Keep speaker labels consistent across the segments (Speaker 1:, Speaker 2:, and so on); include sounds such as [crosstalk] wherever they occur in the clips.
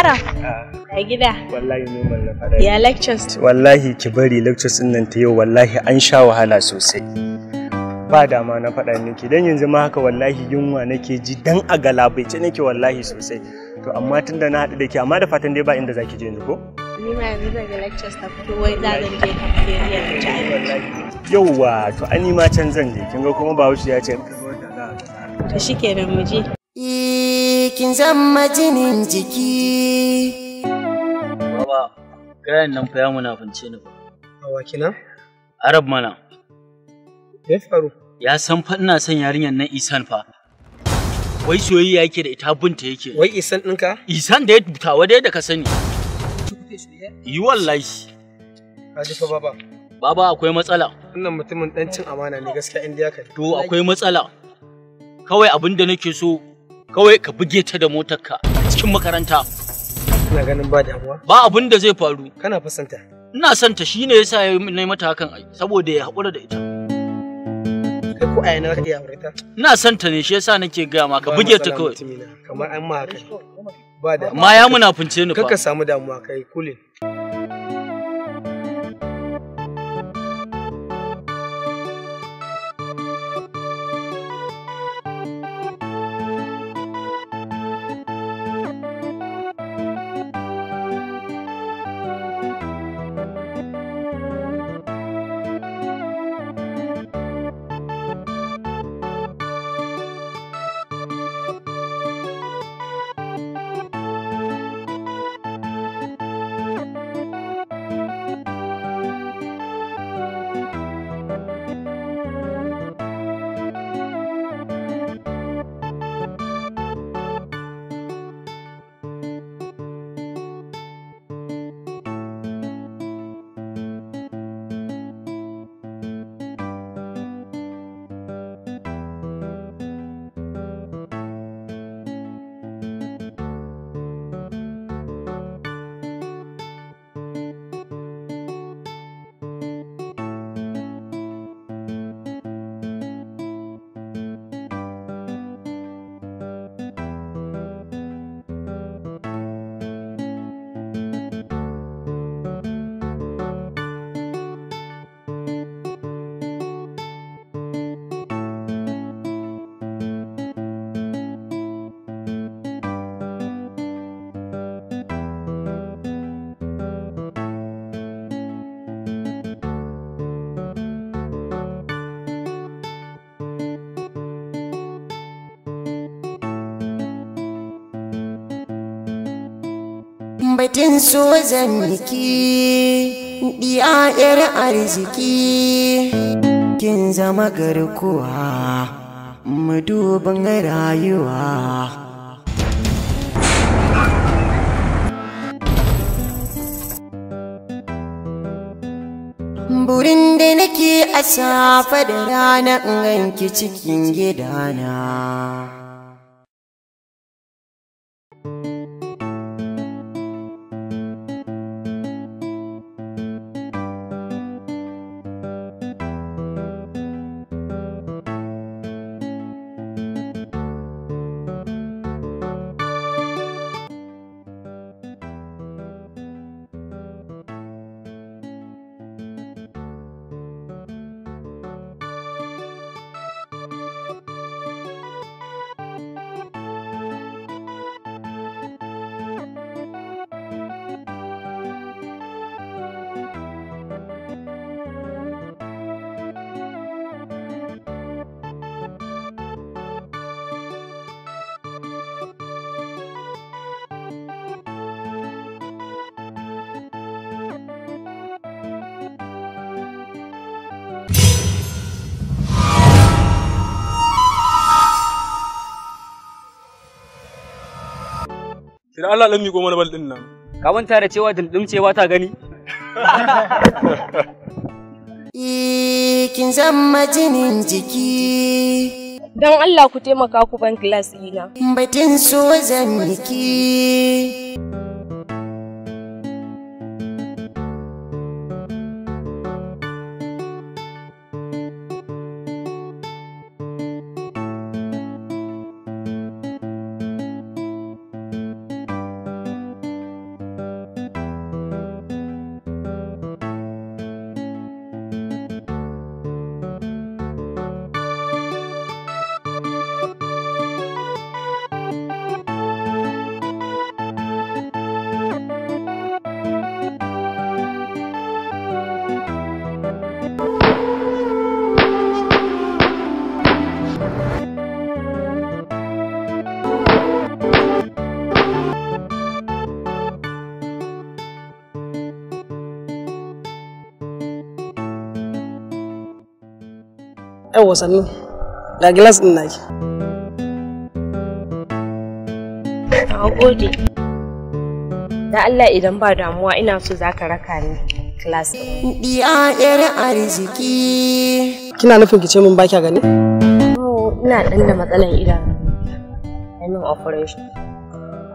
Speaker 1: yaron a ah. gida wallahi
Speaker 2: normal na fara ya lectures wallahi ki bari lectures din nan ta yau wallahi an sha wahala sosai ba dama na faɗa niki, dan yanzu ma haka wallahi yunwa nake ji dan a galabaice nake wallahi sosai to amma tunda na haɗu da ke amma da fatan dai ba inda zaki je yanzu ko
Speaker 1: ni ma yanzu daga lectures ta fito wai za zan je cafeteria ta ci abinci
Speaker 2: yauwa to an ma can zan je kin ga kuma bahaushe ya ce
Speaker 1: to shikenan mu je kin zama jinin jiki baba
Speaker 2: gayan nan fa ya fince ni ba wa kina arab mana ya faru ya san fa ina son yarinyar nan isan fa wai soyayya yake da ita binta yake wai isan ɗinka isan da ya tawa dai da ka sani yi wallahi kaji fa baba baba akwai matsala wannan mutumin dan cin amana ne gaskiya inda ya to akwai matsala kawai abin da nake so kawai ka buge ta da motarka cikin makaranta ina ganin ba damuwa ba abin da zai faru kana fasanta ina son ta shine yasa ya mata hakan ai saboda ya haƙura da ita kai ko a yana ka iya aure ta ina son ta ne shi yasa nake ga ma ka buge ta kawai kamar an ma haka ba da ma ya munafunce ni fa kaka samu damuwa kai kulin
Speaker 1: batin so zanki ɗiya'yar arziki kin zama garkuwa madubin rayuwa burin da nake a safe da rana in ganki cikin gidana
Speaker 2: Idan Allah dan miƙo mana bal din nan. Ka manta da cewa dindin cewa ta gani?
Speaker 1: [laughs] kin zama
Speaker 2: jinin jiki. Don Allah ku taimaka ku ban gilas ina
Speaker 1: batin so zan miki.
Speaker 2: Yau wasannin Ga gilas ɗin naki. Na gode. Da Allah idan ba damuwa ina so
Speaker 1: za ka raka ni class. Diya ɗayar arziki.
Speaker 2: Kina nufin ki ce min ba kya gani?
Speaker 1: ina ɗan da matsalan idan I mean operation.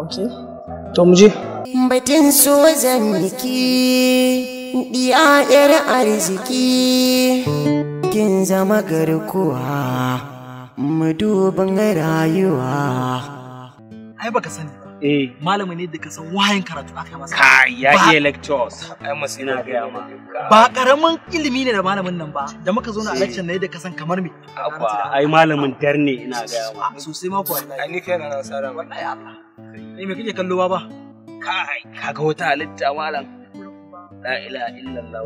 Speaker 1: Okay. To mu je. Batun so zan miki. diya yar arziki kin zama garkuwa madubin rayuwa
Speaker 2: ai baka sani eh malami ne da ka san wayan karatu aka masa ka ya iya lectures ai mu sina ga ma ba karaman ilimi ne da malamin nan ba da muka zo na lecture ne da ka san kamar me abba ai malamin darne ina ga ma sosai ma ko wallahi ai ni kai na nasara wallahi Allah eh me kake kallo ba ba kai kaga wata halitta malam la ilaha illallah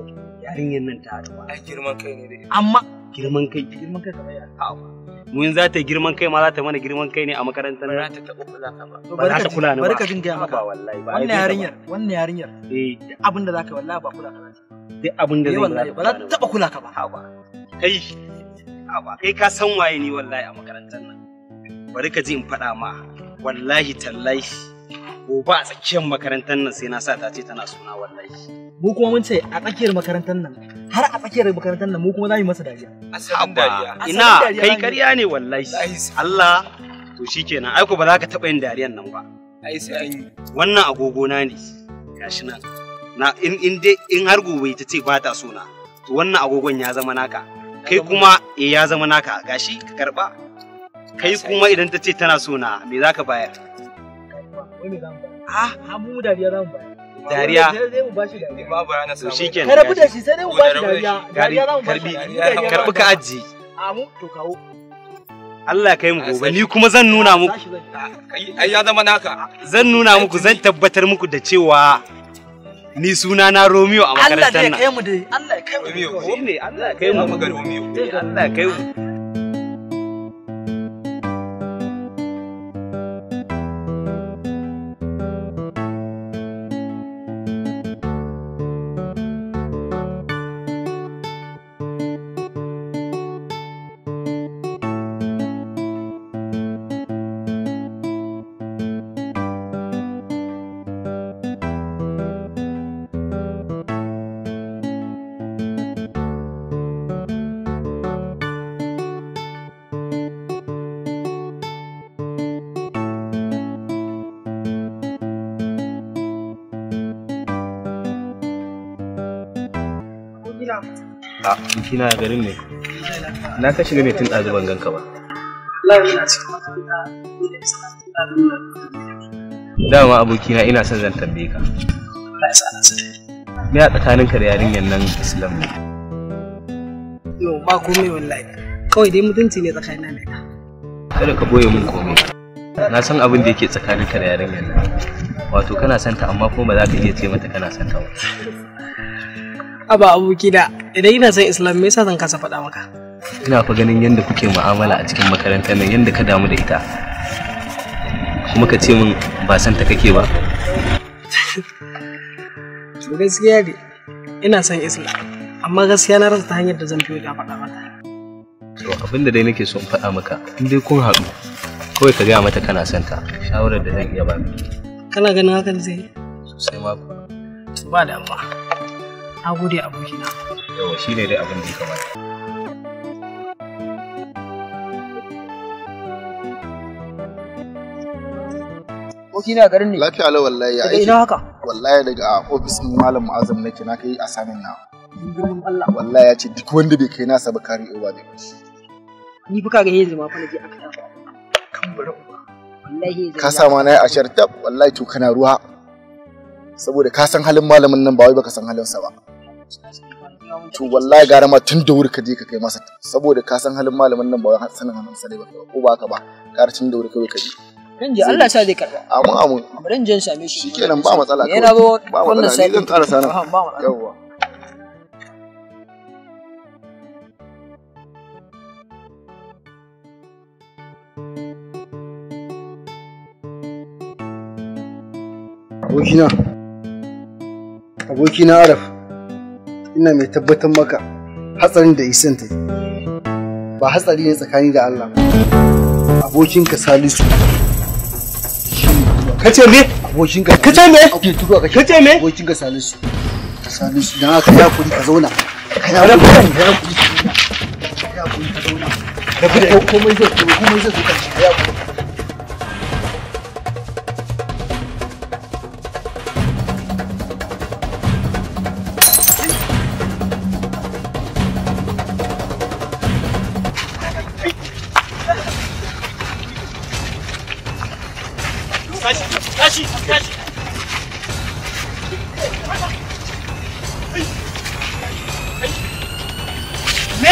Speaker 2: yarinyar nan ta haɗu ai girman kai ne da amma girman kai girman kai kamar ya kawo mun za ta girman kai ma za ta mana girman kai ne a makarantar nan ta taɓa kula ka ba ba za ta kula ni ba bari ka jin gaya maka wallahi wannan yarinyar wannan yarinyar eh duk abin da zaka wallahi ba kula ka ba duk abin da eh, zai wallahi ba za ta taɓa kula ka ba ha kai ha kai ka san waye ni wallahi a makarantar nan bari ka ji in faɗa ma wallahi tallahi Oba a tsakiyar makarantar nan sai na sa ta ce tana suna wallahi mu kuma mun ce a tsakiyar makarantar nan har a tsakiyar makarantar nan mu kuma za mu masa dariya asalin dariya ina kai ƙarya ne wallahi Allah to shikenan ai ko ba za ka taɓa yin dariyan nan ba ai sai an yi wannan agogo na ne gashi nan na in in dai in har gobe ta ce ba ta suna to wannan agogon ya zama naka kai kuma eh ya zama naka gashi ka karba kai kuma idan ta ce tana sona me za ka bayar a Allah kai mu ah, gobe ni kuma zan nuna ah, muku ah, ai ya zama naka zan nuna muku zan tabbatar muku da cewa ni suna na Romeo a makarantar nan Allah kai mu dai Allah kai mu Romeo Allah kai mu Romeo Allah kai mu A biki na garin ne.
Speaker 1: Na ka shiga ne tun ɗazu ban ganka ba. Dama
Speaker 2: abokina ina son zan tambaye ka. Me a tsakaninka da yarinyar nan Islam ne? Yau ba komai wallahi. Kawai dai mutunci ne tsakanina da Kada ka boye min komai. Na san abin da yake tsakaninka da yarinyar nan. Wato kana santa amma kuma ba za ka iya ce mata kana santa ba. Aba abokina. idan ina son islam me yasa zan kasa faɗa maka ina fa ganin yadda kuke mu'amala a cikin makarantar nan yadda ka damu da ita kuma ka ce min ba san ta kake ba to gaskiya ne ina son islam amma gaskiya na rasa ta hanyar da zan fi ta faɗa maka to da dai nake so in faɗa maka in dai kun haɗu kawai ka gaya mata kana son ta shawarar da zan iya ba kana ganin hakan zai sosai ma ba da amma na gode abokina yawa shi ne dai abin da ya kamata Oki garin ne. Lafiya la wallahi ya aiki. Ina haka. Wallahi daga ah, ofis ɗin Malam Mu'azzam nake na kai assignment na. Girman Allah. Wallahi ya ce duk wanda bai kai nasa ba kare uwa ne. kashi. Ni fa kaga yanzu ma fa naje aka tafa. Kan bura uwa. Wallahi Ka sama ma na yi ashar tab wallahi to kana ruwa. Saboda ka san halin malamin nan ba wai baka san halinsa ba. to wallahi gara ma tun da wuri ka je ka kai masa saboda ka san halin malamin nan ba wai sanin halin sa ba ko ba ka ba gara tun da wuri kawai ka je kan je Allah sa zai karba amin amin bari in same shi shikenan ba matsala yana zo ba wannan sai zan tsara sanin
Speaker 1: yawwa abokina
Speaker 2: abokina araf ina mai tabbatar maka hatsarin da isin ta ba hatsari ne tsakani da Allah abokinka salisu kace me abokinka kace me kace me abokinka salisu salisu dan aka ya kuri ka zauna ka ya kuri ka zauna ka ya kuri ka zauna ka
Speaker 1: komai zai komai zai zo ka ya kuri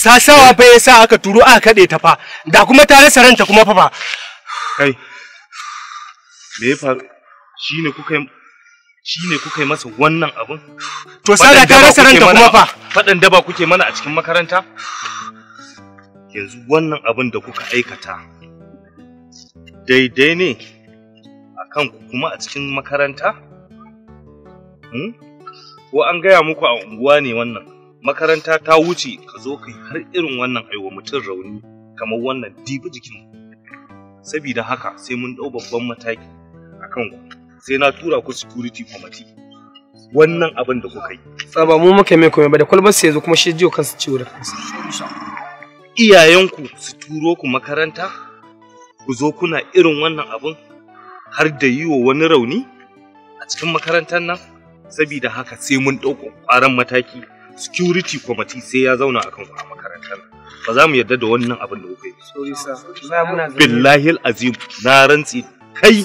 Speaker 2: sasawa fa yasa aka turo aka kade ta fa da kuma ta rasa ranta kuma fa ba kai me ya faru shine kuka shine kuka yi masa wannan abun to sada ta rasa ranta kuma fa fadan daba kuke mana a cikin makaranta yanzu wannan abun da kuka aikata daidai ne a ku kuma a cikin makaranta hmm? ko an gaya muku a unguwa ne wannan makaranta ta wuce ka zo kai har irin wannan aiwa mutum rauni kamar wannan dibi jikin sabida haka sai mun ɗau babban mataki a kan ku sai na tura ku security committee wannan abin da kuka yi tsaba mu muka mai komai ba da kwalbar sai yanzu kuma shi jiyo kansa ciwo da kansa
Speaker 1: iyayenku
Speaker 2: su turo ku makaranta ku zo kuna irin wannan abin har da yi wa wani rauni a cikin makarantar nan sabida haka sai mun ɗauko ƙwaran mataki security committee sai ya zauna akan a makarantar ba za mu yarda da wannan abin da kuka yi sorry sir billahi azim na rantsi kai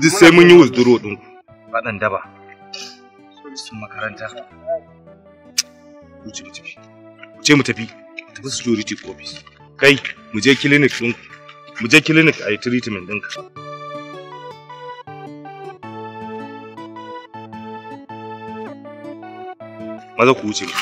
Speaker 2: duk sai mun yi withdraw din ku faɗan daba sun makaranta ku ce mu tafi ku ce mu tafi tafi security office kai mu je clinic din mu je clinic a yi treatment ka. 把它鼓起来。